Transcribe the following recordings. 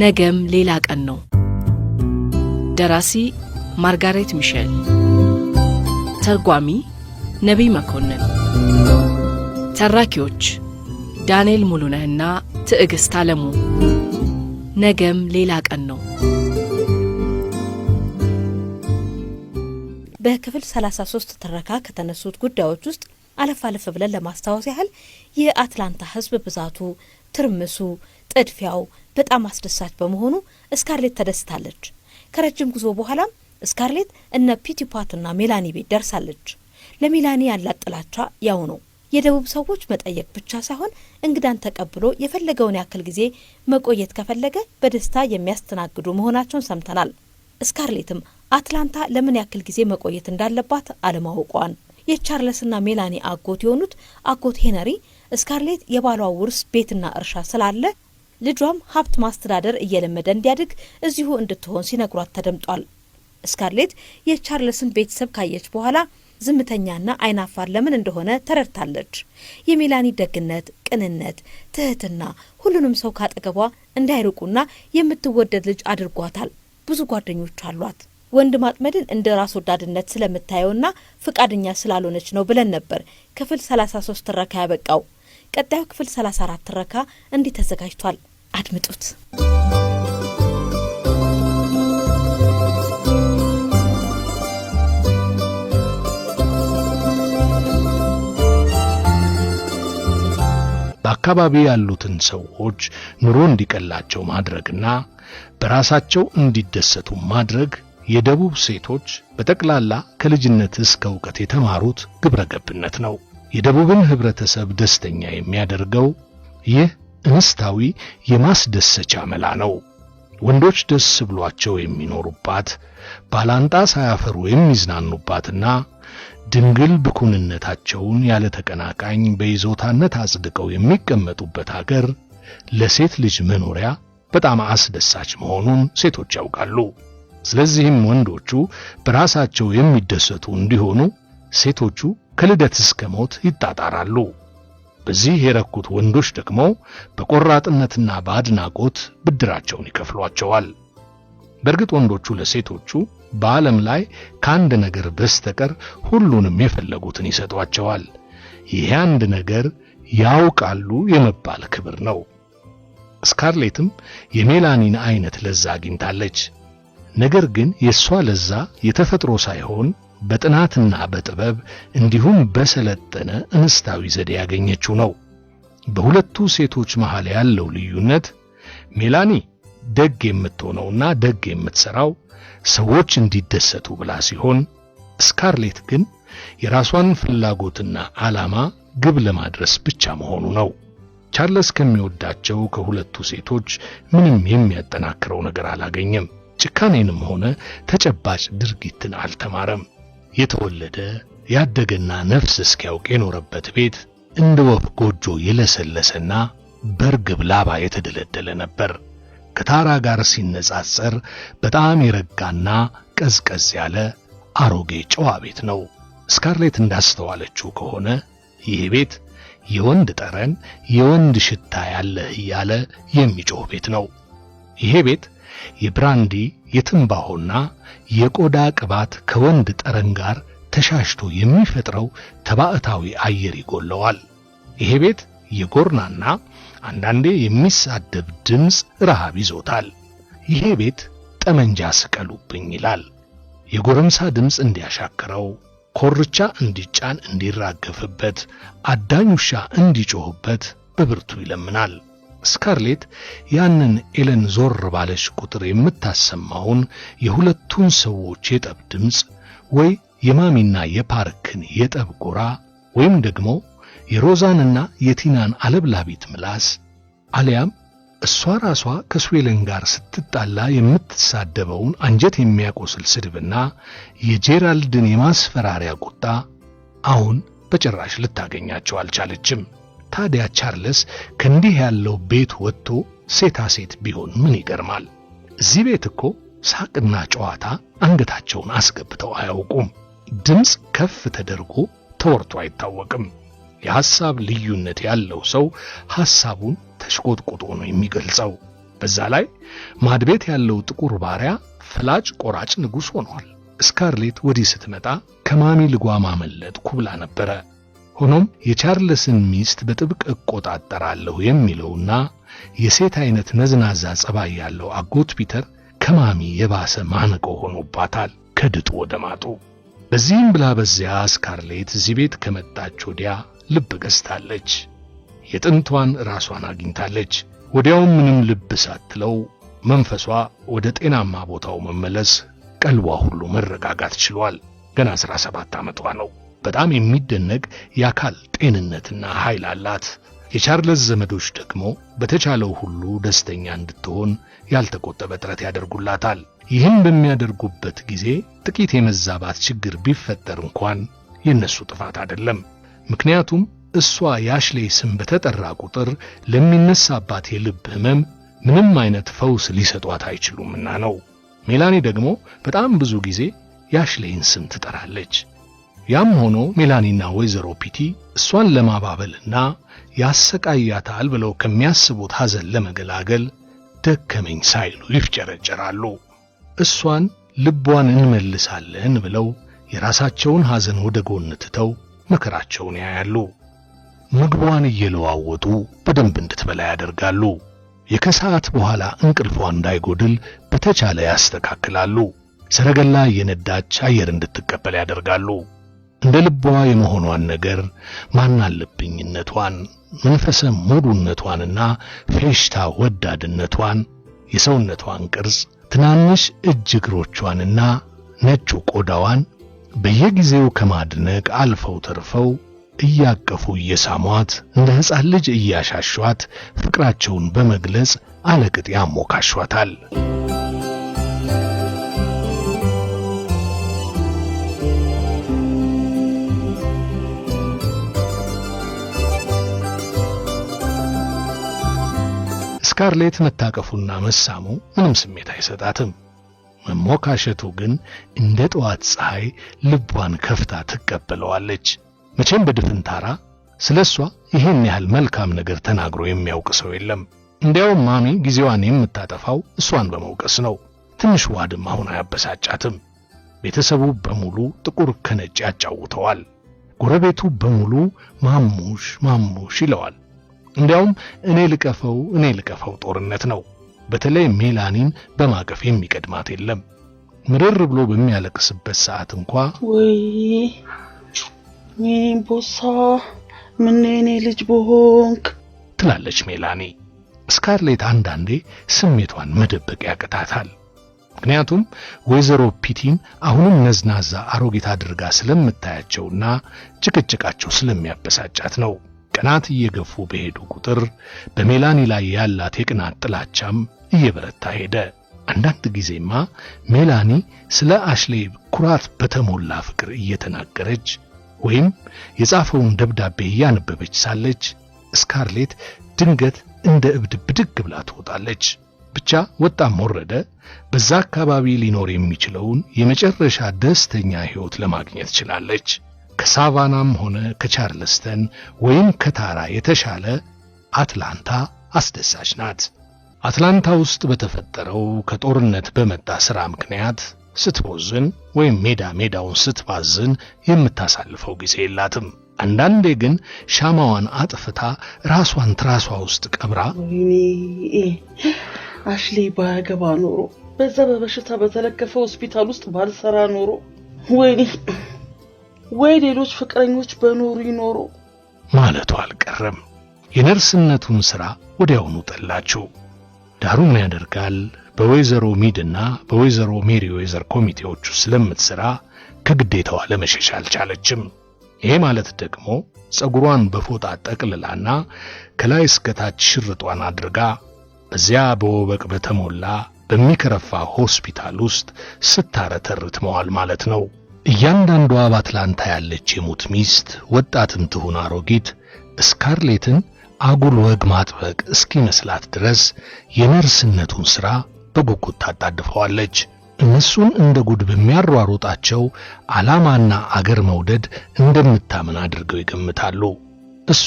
ነገም ሌላ ቀን ነው። ደራሲ ማርጋሬት ሚሼል፣ ተርጓሚ ነቢይ መኮንን፣ ተራኪዎች ዳንኤል ሙሉነህና ትዕግሥት አለሙ። ነገም ሌላ ቀን ነው። በክፍል 33 ትረካ ከተነሱት ጉዳዮች ውስጥ አለፍ አለፍ ብለን ለማስታወስ ያህል የአትላንታ ሕዝብ ብዛቱ፣ ትርምሱ፣ ጥድፊያው በጣም አስደሳች በመሆኑ እስካርሌት ተደስታለች። ከረጅም ጉዞ በኋላም እስካርሌት እነ ፒቲፓትና ሜላኒ ቤት ደርሳለች። ለሜላኒ ያላት ጥላቻ ያው ነው። የደቡብ ሰዎች መጠየቅ ብቻ ሳይሆን እንግዳን ተቀብሎ የፈለገውን ያክል ጊዜ መቆየት ከፈለገ በደስታ የሚያስተናግዱ መሆናቸውን ሰምተናል። እስካርሌትም አትላንታ ለምን ያክል ጊዜ መቆየት እንዳለባት አለማወቋን የቻርለስና ሜላኒ አጎት የሆኑት አጎት ሄነሪ እስካርሌት የባሏ ውርስ ቤትና እርሻ ስላለ ልጇም ሀብት ማስተዳደር እየለመደ እንዲያድግ እዚሁ እንድትሆን ሲነግሯት ተደምጧል። እስካርሌት የቻርልስን ቤተሰብ ካየች በኋላ ዝምተኛና አይናፋር ለምን እንደሆነ ተረድታለች። የሜላኒ ደግነት፣ ቅንነት፣ ትህትና ሁሉንም ሰው ካጠገቧ እንዳይርቁና የምትወደድ ልጅ አድርጓታል። ብዙ ጓደኞች አሏት። ወንድ ማጥመድን እንደ ራስ ወዳድነት ስለምታየውና ፍቃደኛ ስላልሆነች ነው ብለን ነበር ክፍል 33 ትረካ ያበቃው። ቀጣዩ ክፍል 34 ትረካ እንዲህ ተዘጋጅቷል። አድምጡት። በአካባቢ ያሉትን ሰዎች ኑሮ እንዲቀላቸው ማድረግና በራሳቸው እንዲደሰቱ ማድረግ የደቡብ ሴቶች በጠቅላላ ከልጅነት እስከ ዕውቀት የተማሩት ግብረ ገብነት ነው። የደቡብን ህብረተሰብ ደስተኛ የሚያደርገው ይህ እንስታዊ የማስደሰቻ መላ ነው። ወንዶች ደስ ብሏቸው የሚኖሩባት ባላንጣ ሳያፈሩ የሚዝናኑባትና ድንግል ብኩንነታቸውን ያለ ተቀናቃኝ በይዞታነት አጽድቀው የሚቀመጡበት አገር ለሴት ልጅ መኖሪያ በጣም አስደሳች መሆኑን ሴቶች ያውቃሉ። ስለዚህም ወንዶቹ በራሳቸው የሚደሰቱ እንዲሆኑ ሴቶቹ ከልደት እስከ ሞት ይጣጣራሉ። በዚህ የረኩት ወንዶች ደግሞ በቆራጥነትና በአድናቆት ብድራቸውን ይከፍሏቸዋል። በእርግጥ ወንዶቹ ለሴቶቹ በዓለም ላይ ከአንድ ነገር በስተቀር ሁሉንም የፈለጉትን ይሰጧቸዋል። ይህ አንድ ነገር ያውቃሉ የመባል ክብር ነው። ስካርሌትም የሜላኒን አይነት ለዛ አግኝታለች። ነገር ግን የእሷ ለዛ የተፈጥሮ ሳይሆን በጥናትና በጥበብ እንዲሁም በሰለጠነ እንስታዊ ዘዴ ያገኘችው ነው። በሁለቱ ሴቶች መሃል ያለው ልዩነት ሜላኒ ደግ የምትሆነውና ደግ የምትሰራው ሰዎች እንዲደሰቱ ብላ ሲሆን ስካርሌት ግን የራሷን ፍላጎትና ዓላማ ግብ ለማድረስ ብቻ መሆኑ ነው። ቻርለስ ከሚወዳቸው ከሁለቱ ሴቶች ምንም የሚያጠናክረው ነገር አላገኘም። ጭካኔንም ሆነ ተጨባጭ ድርጊትን አልተማረም። የተወለደ ያደገና ነፍስ እስኪያውቅ የኖረበት ቤት እንደ ወፍ ጎጆ የለሰለሰና በርግብ ላባ የተደለደለ ነበር። ከታራ ጋር ሲነጻጸር በጣም የረጋና ቀዝቀዝ ያለ አሮጌ ጨዋ ቤት ነው። ስካርሌት እንዳስተዋለችው ከሆነ ይህ ቤት የወንድ ጠረን የወንድ ሽታ ያለህ እያለ የሚጮህ ቤት ነው። ይሄ ቤት የብራንዲ የትንባሆና የቆዳ ቅባት ከወንድ ጠረን ጋር ተሻሽቶ የሚፈጥረው ተባዕታዊ አየር ይጎለዋል። ይሄ ቤት የጎርናና አንዳንዴ የሚሳደብ ድምፅ ረሃብ ይዞታል። ይሄ ቤት ጠመንጃ ስቀሉብኝ ይላል። የጎረምሳ ድምፅ እንዲያሻክረው፣ ኮርቻ እንዲጫን፣ እንዲራገፍበት፣ አዳኝ ውሻ እንዲጮህበት በብርቱ ይለምናል። ስካርሌት ያንን ኤለን ዞር ባለች ቁጥር የምታሰማውን የሁለቱን ሰዎች የጠብ ድምፅ ወይ የማሚና የፓርክን የጠብ ጎራ ወይም ደግሞ የሮዛንና የቲናን አለብላቢት ምላስ አሊያም እሷ ራሷ ከስዌለን ጋር ስትጣላ የምትሳደበውን አንጀት የሚያቆስል ስድብና የጄራልድን የማስፈራሪያ ቁጣ አሁን በጭራሽ ልታገኛቸው አልቻለችም። ታዲያ ቻርልስ ከእንዲህ ያለው ቤት ወጥቶ ሴታ ሴት ቢሆን ምን ይገርማል? እዚህ ቤት እኮ ሳቅና ጨዋታ አንገታቸውን አስገብተው አያውቁም። ድምፅ ከፍ ተደርጎ ተወርቶ አይታወቅም። የሐሳብ ልዩነት ያለው ሰው ሐሳቡን ተሽቆጥቁጦ ነው የሚገልጸው። በዛ ላይ ማድቤት ያለው ጥቁር ባሪያ ፈላጭ ቆራጭ ንጉሥ ሆኗል። ስካርሌት ወዲህ ስትመጣ ከማሚ ልጓ መለጥ ኩብላ ነበረ። ሆኖም የቻርልስን ሚስት በጥብቅ እቆጣጠራለሁ የሚለውና የሴት አይነት ነዝናዛ ጸባይ ያለው አጎት ፒተር ከማሚ የባሰ ማነቆ ሆኖባታል። ከድጡ ወደ ማጡ። በዚህም ብላ በዚያ ስካርሌት እዚህ ቤት ከመጣች ወዲያ ልብ ገዝታለች። የጥንቷን ራሷን አግኝታለች። ወዲያውም ምንም ልብ ሳትለው መንፈሷ ወደ ጤናማ ቦታው መመለስ፣ ቀልቧ ሁሉ መረጋጋት ችሏል። ገና 17 ዓመቷ ነው። በጣም የሚደነቅ የአካል ጤንነትና ኃይል አላት። የቻርለስ ዘመዶች ደግሞ በተቻለው ሁሉ ደስተኛ እንድትሆን ያልተቆጠበ ጥረት ያደርጉላታል። ይህም በሚያደርጉበት ጊዜ ጥቂት የመዛባት ችግር ቢፈጠር እንኳን የእነሱ ጥፋት አይደለም። ምክንያቱም እሷ የአሽሌ ስም በተጠራ ቁጥር ለሚነሳባት የልብ ህመም ምንም አይነት ፈውስ ሊሰጧት አይችሉምና ነው። ሜላኒ ደግሞ በጣም ብዙ ጊዜ የአሽሌን ስም ትጠራለች። ያም ሆኖ ሜላኒና ወይዘሮ ፒቲ እሷን ለማባበልና ያሰቃያታል ብለው ከሚያስቡት ሐዘን ለመገላገል ደከመኝ ሳይሉ ይፍጨረጨራሉ። እሷን ልቧን እንመልሳለን ብለው የራሳቸውን ሐዘን ወደ ጎን ትተው መከራቸውን ያያሉ። ምግቧን እየለዋወጡ በደንብ እንድትበላ ያደርጋሉ። የከሰዓት በኋላ እንቅልፏ እንዳይጎድል በተቻለ ያስተካክላሉ። ሰረገላ እየነዳች አየር እንድትቀበል ያደርጋሉ። እንደ ልቧ የመሆኗን ነገር ማናለብኝነቷን፣ መንፈሰ ሞዱነቷንና ፌሽታ ወዳድነቷን፣ የሰውነቷን ቅርጽ፣ ትናንሽ እጅ እግሮቿንና ነጩ ቆዳዋን በየጊዜው ከማድነቅ አልፈው ተርፈው እያቀፉ እየሳሟት እንደ ሕፃን ልጅ እያሻሿት ፍቅራቸውን በመግለጽ አለቅጥ ያሞካሿታል። ስካርሌት መታቀፉና መሳሙ ምንም ስሜት አይሰጣትም። መሞካሸቱ ግን እንደ ጠዋት ፀሐይ ልቧን ከፍታ ትቀበለዋለች። መቼም በድፍን ታራ ስለ እሷ ይህን ያህል መልካም ነገር ተናግሮ የሚያውቅ ሰው የለም። እንዲያውም ማሚ ጊዜዋን የምታጠፋው እሷን በመውቀስ ነው። ትንሽ ዋድም አሁን አያበሳጫትም። ቤተሰቡ በሙሉ ጥቁር ከነጭ ያጫውተዋል። ጎረቤቱ በሙሉ ማሙሽ ማሙሽ ይለዋል። እንዲያውም እኔ ልቀፈው እኔ ልቀፈው ጦርነት ነው። በተለይ ሜላኒን በማቀፍ የሚቀድማት የለም። ምርር ብሎ በሚያለቅስበት ሰዓት እንኳ ወይ ቦሳ ምን እኔ ልጅ በሆንክ ትላለች ሜላኒ። ስካርሌት አንዳንዴ ስሜቷን መደበቅ ያቅታታል። ምክንያቱም ወይዘሮ ፒቲን አሁንም ነዝናዛ አሮጌት አድርጋ ስለምታያቸውና ጭቅጭቃቸው ስለሚያበሳጫት ነው። ቀናት እየገፉ በሄዱ ቁጥር በሜላኒ ላይ ያላት የቅናት ጥላቻም እየበረታ ሄደ። አንዳንድ ጊዜማ ሜላኒ ስለ አሽሌ ኩራት በተሞላ ፍቅር እየተናገረች ወይም የጻፈውን ደብዳቤ እያነበበች ሳለች ስካርሌት ድንገት እንደ እብድ ብድግ ብላ ትወጣለች። ብቻ ወጣም ወረደ በዛ አካባቢ ሊኖር የሚችለውን የመጨረሻ ደስተኛ ሕይወት ለማግኘት ችላለች። ከሳቫናም ሆነ ከቻርልስተን ወይም ከታራ የተሻለ አትላንታ አስደሳች ናት። አትላንታ ውስጥ በተፈጠረው ከጦርነት በመጣ ሥራ ምክንያት ስትቦዝን ወይም ሜዳ ሜዳውን ስትባዝን የምታሳልፈው ጊዜ የላትም። አንዳንዴ ግን ሻማዋን አጥፍታ ራሷን ትራሷ ውስጥ ቀብራ አሽሌ ባያገባ ኖሮ፣ በዛ በበሽታ በተለከፈ ሆስፒታል ውስጥ ባልሰራ ኖሮ፣ ወይኔ ወይ ሌሎች ፍቅረኞች በኖሩ ይኖሩ ማለቱ አልቀረም። የነርስነቱን ሥራ ወዲያውኑ ጠላችው። ዳሩ ምን ያደርጋል፣ በወይዘሮ ሚድና በወይዘሮ ሜሪ ወይዘር ኮሚቴዎቹ ስለምትሠራ ከግዴታዋ ለመሸሽ አልቻለችም። ይሄ ማለት ደግሞ ጸጉሯን በፎጣ ጠቅልላና ከላይ እስከታች ሽርጧን አድርጋ በዚያ በወበቅ በተሞላ በሚከረፋ ሆስፒታል ውስጥ ስታረተርት መዋል ማለት ነው። እያንዳንዷ በአትላንታ ያለች የሙት ሚስት ወጣትም ትሁን አሮጊት ስካርሌትን አጉል ወግ ማጥበቅ እስኪመስላት ድረስ የነርስነቱን ሥራ በጉጉት ታጣድፈዋለች። እነሱን እንደ ጉድ በሚያሯሩጣቸው ዓላማና አገር መውደድ እንደምታምን አድርገው ይገምታሉ። እሷ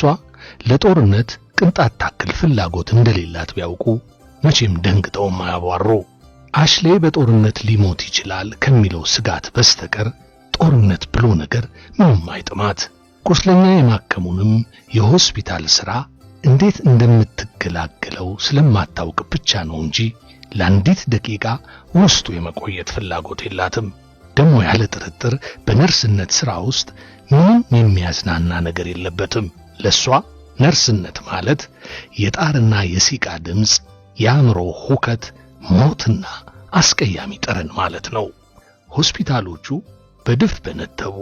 ለጦርነት ቅንጣት ታክል ፍላጎት እንደሌላት ቢያውቁ መቼም ደንግጠውም አያቧሩ። አሽሌ በጦርነት ሊሞት ይችላል ከሚለው ስጋት በስተቀር ጦርነት ብሎ ነገር ምንም አይጥማት። ቁስለኛ የማከሙንም የሆስፒታል ሥራ እንዴት እንደምትገላገለው ስለማታውቅ ብቻ ነው እንጂ ለአንዲት ደቂቃ ውስጡ የመቆየት ፍላጎት የላትም። ደግሞ ያለ ጥርጥር በነርስነት ሥራ ውስጥ ምንም የሚያዝናና ነገር የለበትም። ለሷ ነርስነት ማለት የጣርና የሲቃ ድምፅ፣ የአእምሮ ሁከት፣ ሞትና አስቀያሚ ጠረን ማለት ነው። ሆስፒታሎቹ በድፍ በነተቡ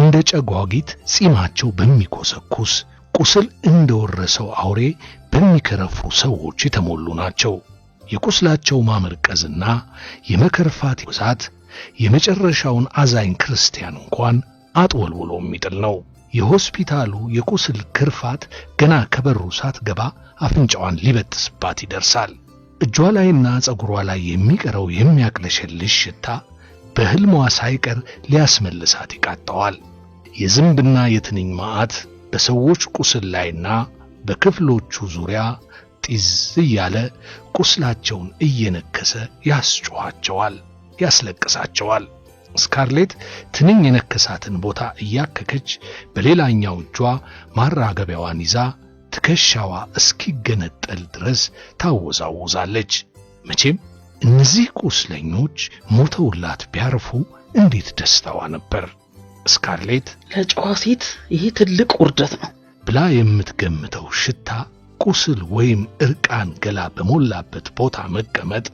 እንደ ጨጓጊት ጺማቸው በሚኮሰኩስ ቁስል እንደወረሰው አውሬ በሚከረፉ ሰዎች የተሞሉ ናቸው። የቁስላቸው ማመርቀዝና የመከርፋት ብዛት የመጨረሻውን አዛኝ ክርስቲያን እንኳን አጥወልውሎ የሚጥል ነው። የሆስፒታሉ የቁስል ክርፋት ገና ከበሩ ሳትገባ አፍንጫዋን ሊበጥስባት ይደርሳል። እጇ ላይና ጸጉሯ ላይ የሚቀረው የሚያቅለሸልሽ ሽታ በህልሟ ሳይቀር ሊያስመልሳት ይቃጣዋል። የዝንብና የትንኝ መዓት በሰዎች ቁስል ላይና በክፍሎቹ ዙሪያ ጢዝ እያለ ቁስላቸውን እየነከሰ ያስጮኋቸዋል፣ ያስለቅሳቸዋል። ስካርሌት ትንኝ የነከሳትን ቦታ እያከከች በሌላኛው እጇ ማራገቢያዋን ይዛ ትከሻዋ እስኪገነጠል ድረስ ታወዛውዛለች። መቼም እነዚህ ቁስለኞች ሞተውላት ቢያርፉ እንዴት ደስታዋ ነበር! ስካርሌት ለጨዋ ሴት ይሄ ትልቅ ውርደት ነው ብላ የምትገምተው ሽታ ቁስል ወይም እርቃን ገላ በሞላበት ቦታ መቀመጥ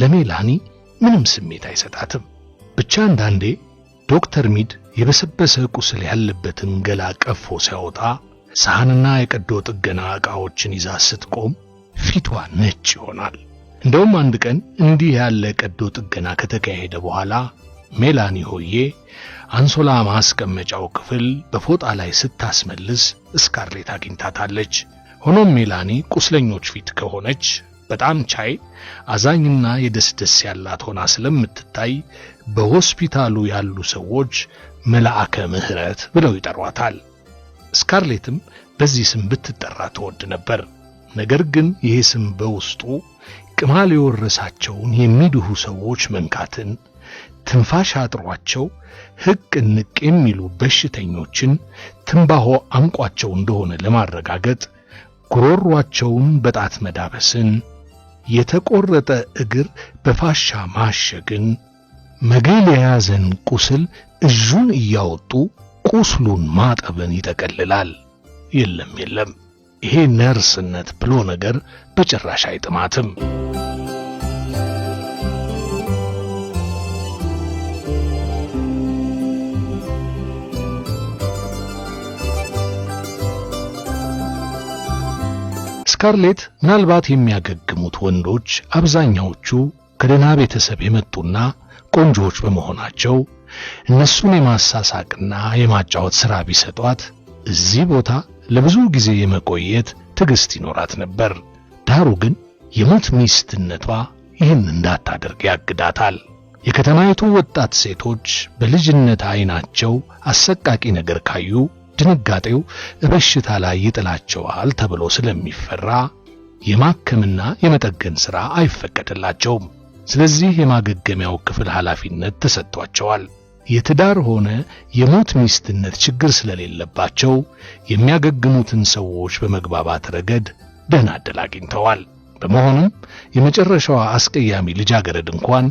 ለሜላኒ ምንም ስሜት አይሰጣትም። ብቻ አንዳንዴ ዶክተር ሚድ የበሰበሰ ቁስል ያለበትን ገላ ቀፎ ሲያወጣ ሳህንና የቀዶ ጥገና ዕቃዎችን ይዛ ስትቆም ፊቷ ነጭ ይሆናል። እንደውም አንድ ቀን እንዲህ ያለ ቀዶ ጥገና ከተካሄደ በኋላ ሜላኒ ሆዬ አንሶላ ማስቀመጫው ክፍል በፎጣ ላይ ስታስመልስ እስካርሌት አግኝታታለች። ሆኖም ሜላኒ ቁስለኞች ፊት ከሆነች በጣም ቻይ አዛኝና የደስደስ ያላት ሆና ስለምትታይ በሆስፒታሉ ያሉ ሰዎች መልአከ ምሕረት ብለው ይጠሯታል። እስካርሌትም በዚህ ስም ብትጠራ ትወድ ነበር። ነገር ግን ይሄ ስም በውስጡ ቅማል የወረሳቸውን የሚድሁ ሰዎች መንካትን፣ ትንፋሽ አጥሯቸው ህቅ ንቅ የሚሉ በሽተኞችን ትንባሆ አንቋቸው እንደሆነ ለማረጋገጥ ጉሮሯቸውን በጣት መዳበስን፣ የተቆረጠ እግር በፋሻ ማሸግን፣ መግል የያዘን ቁስል እጁን እያወጡ ቁስሉን ማጠብን ይጠቀልላል። የለም የለም ይሄ ነርስነት ብሎ ነገር በጭራሽ አይጥማትም። ስካርሌት ምናልባት የሚያገግሙት ወንዶች አብዛኛዎቹ ከደህና ቤተሰብ የመጡና ቆንጆዎች በመሆናቸው እነሱን የማሳሳቅና የማጫወት ሥራ ቢሰጧት እዚህ ቦታ ለብዙ ጊዜ የመቆየት ትዕግስት ይኖራት ነበር። ዳሩ ግን የሙት ሚስትነቷ ይህን እንዳታደርግ ያግዳታል። የከተማይቱ ወጣት ሴቶች በልጅነት አይናቸው አሰቃቂ ነገር ካዩ ድንጋጤው በሽታ ላይ ይጥላቸዋል ተብሎ ስለሚፈራ የማከምና የመጠገን ሥራ አይፈቀድላቸውም። ስለዚህ የማገገሚያው ክፍል ኃላፊነት ተሰጥቷቸዋል። የትዳር ሆነ የሞት ሚስትነት ችግር ስለሌለባቸው የሚያገግሙትን ሰዎች በመግባባት ረገድ ደህና ዕድል አግኝተዋል። በመሆኑም የመጨረሻዋ አስቀያሚ ልጃገረድ እንኳን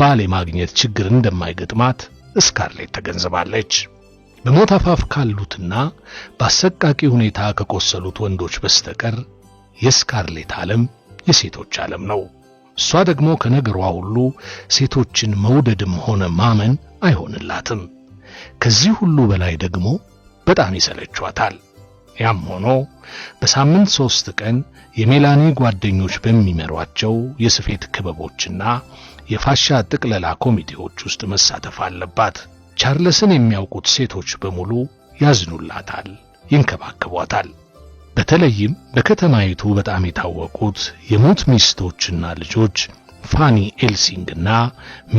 ባል የማግኘት ችግር እንደማይገጥማት እስካርሌት ተገንዝባለች። በሞት አፋፍ ካሉትና በአሰቃቂ ሁኔታ ከቆሰሉት ወንዶች በስተቀር የስካርሌት ዓለም የሴቶች ዓለም ነው። እሷ ደግሞ ከነገሯ ሁሉ ሴቶችን መውደድም ሆነ ማመን አይሆንላትም። ከዚህ ሁሉ በላይ ደግሞ በጣም ይሰለቿታል። ያም ሆኖ በሳምንት ሦስት ቀን የሜላኒ ጓደኞች በሚመሯቸው የስፌት ክበቦችና የፋሻ ጥቅለላ ኮሚቴዎች ውስጥ መሳተፍ አለባት። ቻርለስን የሚያውቁት ሴቶች በሙሉ ያዝኑላታል፣ ይንከባከቧታል። በተለይም በከተማይቱ በጣም የታወቁት የሙት ሚስቶችና ልጆች ፋኒ ኤልሲንግና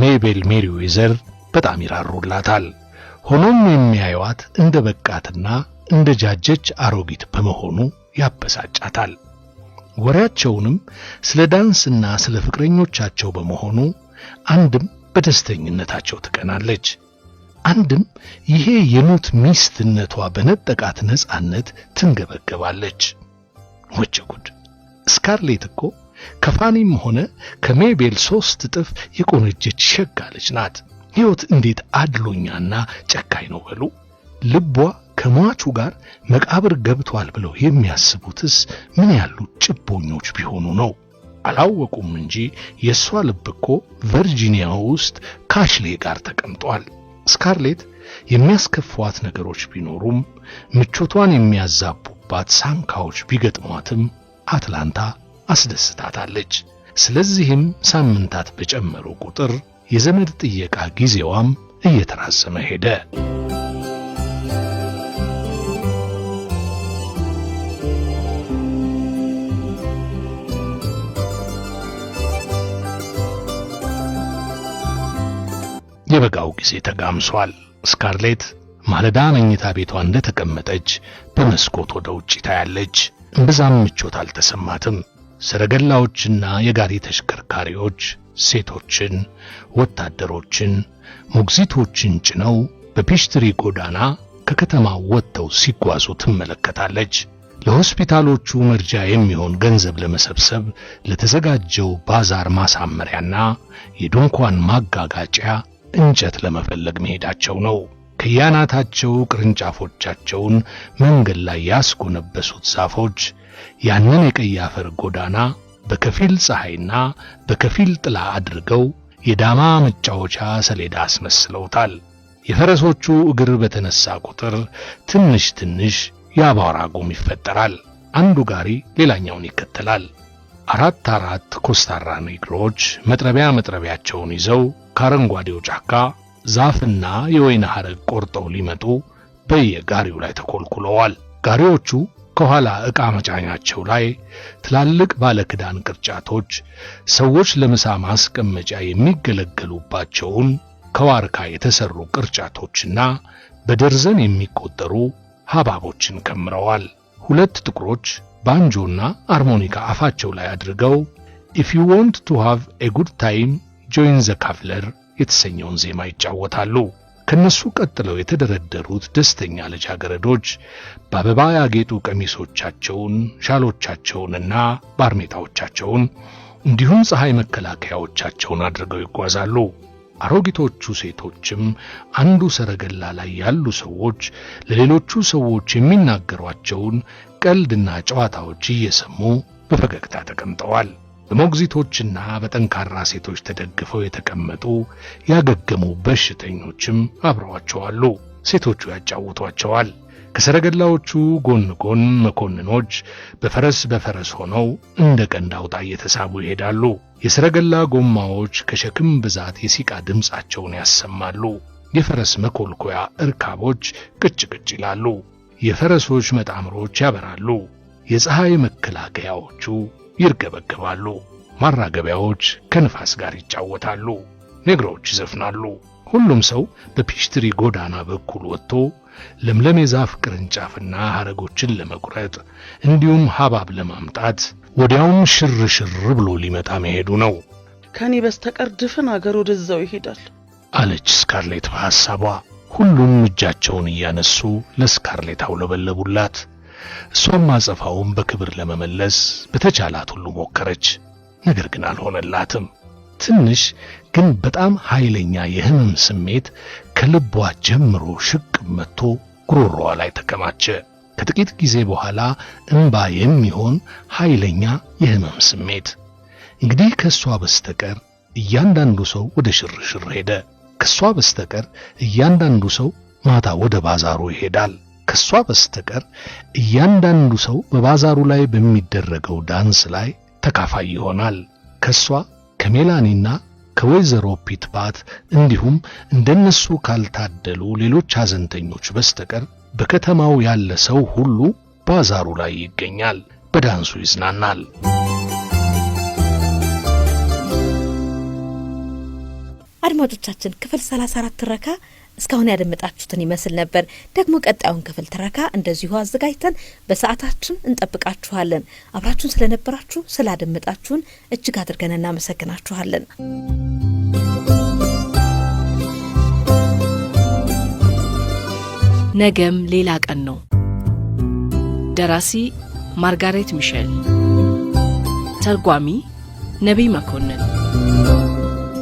ሜቤል ሜሪዌዘር በጣም ይራሩላታል። ሆኖም የሚያዩዋት እንደ በቃትና እንደ ጃጀች አሮጊት በመሆኑ ያበሳጫታል። ወሬያቸውንም ስለ ዳንስና ስለ ፍቅረኞቻቸው በመሆኑ አንድም በደስተኝነታቸው ትቀናለች፣ አንድም ይሄ የኑት ሚስትነቷ በነጠቃት ነጻነት ትንገበገባለች። ወጭ ጉድ! ስካርሌት እኮ ከፋኒም ሆነ ከሜቤል ሶስት እጥፍ የቆነጀች ሸጋለች ናት። ሕይወት እንዴት አድሎኛና ጨካኝ ነው በሉ። ልቧ ከሟቹ ጋር መቃብር ገብቷል ብለው የሚያስቡትስ ምን ያሉ ጭቦኞች ቢሆኑ ነው? አላወቁም እንጂ የእሷ ልብ እኮ ቨርጂኒያ ውስጥ ካሽሌ ጋር ተቀምጧል። ስካርሌት የሚያስከፏት ነገሮች ቢኖሩም ምቾቷን የሚያዛቡባት ሳንካዎች ቢገጥሟትም አትላንታ አስደስታታለች። ስለዚህም ሳምንታት በጨመሩ ቁጥር የዘመድ ጥየቃ ጊዜዋም እየተራዘመ ሄደ። በበጋው ጊዜ ተጋምሷል። ስካርሌት ማለዳ መኝታ ቤቷ እንደተቀመጠች በመስኮት ወደ ውጭ ታያለች። እምብዛም ምቾት አልተሰማትም። ሰረገላዎችና የጋሪ ተሽከርካሪዎች ሴቶችን፣ ወታደሮችን፣ ሞግዚቶችን ጭነው በፒሽትሪ ጎዳና ከከተማው ወጥተው ሲጓዙ ትመለከታለች። ለሆስፒታሎቹ መርጃ የሚሆን ገንዘብ ለመሰብሰብ ለተዘጋጀው ባዛር ማሳመሪያና የድንኳን ማጋጋጫ እንጨት ለመፈለግ መሄዳቸው ነው። ከያናታቸው ቅርንጫፎቻቸውን መንገድ ላይ ያስጎነበሱት ዛፎች ያንን የቀይ አፈር ጎዳና በከፊል ፀሐይና በከፊል ጥላ አድርገው የዳማ መጫወቻ ሰሌዳ አስመስለውታል። የፈረሶቹ እግር በተነሳ ቁጥር ትንሽ ትንሽ የአቧራ ጉም ይፈጠራል። አንዱ ጋሪ ሌላኛውን ይከተላል። አራት አራት ኮስታራ ኔግሮች መጥረቢያ መጥረቢያቸውን ይዘው ከአረንጓዴው ጫካ ዛፍና የወይን ሐረግ ቆርጠው ሊመጡ በየጋሪው ላይ ተኮልኩለዋል። ጋሪዎቹ ከኋላ ዕቃ መጫኛቸው ላይ ትላልቅ ባለክዳን ቅርጫቶች ሰዎች ለምሳ ማስቀመጫ የሚገለገሉባቸውን ከዋርካ የተሰሩ ቅርጫቶችና በደርዘን የሚቆጠሩ ሐባቦችን ከምረዋል። ሁለት ጥቁሮች ባንጆና አርሞኒካ አፋቸው ላይ አድርገው ኢፍ ዩ ዋንት ቱ ሃቭ ኤ ጉድ ታይም ጆይን ዘ ካፍለር የተሰኘውን ዜማ ይጫወታሉ። ከነሱ ቀጥለው የተደረደሩት ደስተኛ ልጃገረዶች በአበባ ያጌጡ ቀሚሶቻቸውን፣ ሻሎቻቸውንና ባርኔጣዎቻቸውን እንዲሁም ፀሐይ መከላከያዎቻቸውን አድርገው ይጓዛሉ። አሮጊቶቹ ሴቶችም አንዱ ሰረገላ ላይ ያሉ ሰዎች ለሌሎቹ ሰዎች የሚናገሯቸውን ቀልድና ጨዋታዎች እየሰሙ በፈገግታ ተቀምጠዋል። በሞግዚቶችና በጠንካራ ሴቶች ተደግፈው የተቀመጡ ያገገሙ በሽተኞችም አብረዋቸው አሉ። ሴቶቹ ያጫውቷቸዋል። ከሰረገላዎቹ ጎን ጎን መኮንኖች በፈረስ በፈረስ ሆነው እንደ ቀንድ አውጣ እየተሳቡ ይሄዳሉ። የሰረገላ ጎማዎች ከሸክም ብዛት የሲቃ ድምፃቸውን ያሰማሉ። የፈረስ መኮልኮያ እርካቦች ቅጭ ይላሉ። የፈረሶች መጣምሮች ያበራሉ። የፀሐይ መከላከያዎቹ ይርገበገባሉ። ማራገቢያዎች ከንፋስ ጋር ይጫወታሉ። ኔግሮች ይዘፍናሉ። ሁሉም ሰው በፒሽትሪ ጎዳና በኩል ወጥቶ ለምለም የዛፍ ቅርንጫፍና ሐረጎችን ለመቁረጥ እንዲሁም ሐባብ ለማምጣት ወዲያውም ሽር ሽር ብሎ ሊመጣ መሄዱ ነው። ከኔ በስተቀር ድፍን አገር ወደዛው ይሄዳል አለች ስካርሌት በሐሳቧ። ሁሉም እጃቸውን እያነሱ ለስካርሌት አውለበለቡላት። እሷም አጸፋውን በክብር ለመመለስ በተቻላት ሁሉ ሞከረች። ነገር ግን አልሆነላትም። ትንሽ ግን በጣም ኃይለኛ የህመም ስሜት ከልቧ ጀምሮ ሽቅ መጥቶ ጉሮሮዋ ላይ ተከማቸ። ከጥቂት ጊዜ በኋላ እንባ የሚሆን ኃይለኛ የህመም ስሜት። እንግዲህ ከእሷ በስተቀር እያንዳንዱ ሰው ወደ ሽርሽር ሄደ። ከሷ በስተቀር እያንዳንዱ ሰው ማታ ወደ ባዛሩ ይሄዳል። ከሷ በስተቀር እያንዳንዱ ሰው በባዛሩ ላይ በሚደረገው ዳንስ ላይ ተካፋይ ይሆናል። ከሷ ከሜላኒና ከወይዘሮ ፒትባት እንዲሁም እንደነሱ ካልታደሉ ሌሎች ሐዘንተኞች በስተቀር በከተማው ያለ ሰው ሁሉ ባዛሩ ላይ ይገኛል፣ በዳንሱ ይዝናናል። አድማጮቻችን ክፍል ሰላሳ ትረካ እስካሁን ያደመጣችሁትን ይመስል ነበር። ደግሞ ቀጣዩን ክፍል ትረካ እንደዚሁ አዘጋጅተን በሰዓታችን እንጠብቃችኋለን። አብራችሁን ስለነበራችሁ ስላደመጣችሁን እጅግ አድርገን እናመሰግናችኋለን። ነገም ሌላ ቀን ነው። ደራሲ ማርጋሬት ሚሼል፣ ተርጓሚ ነቢይ መኮንን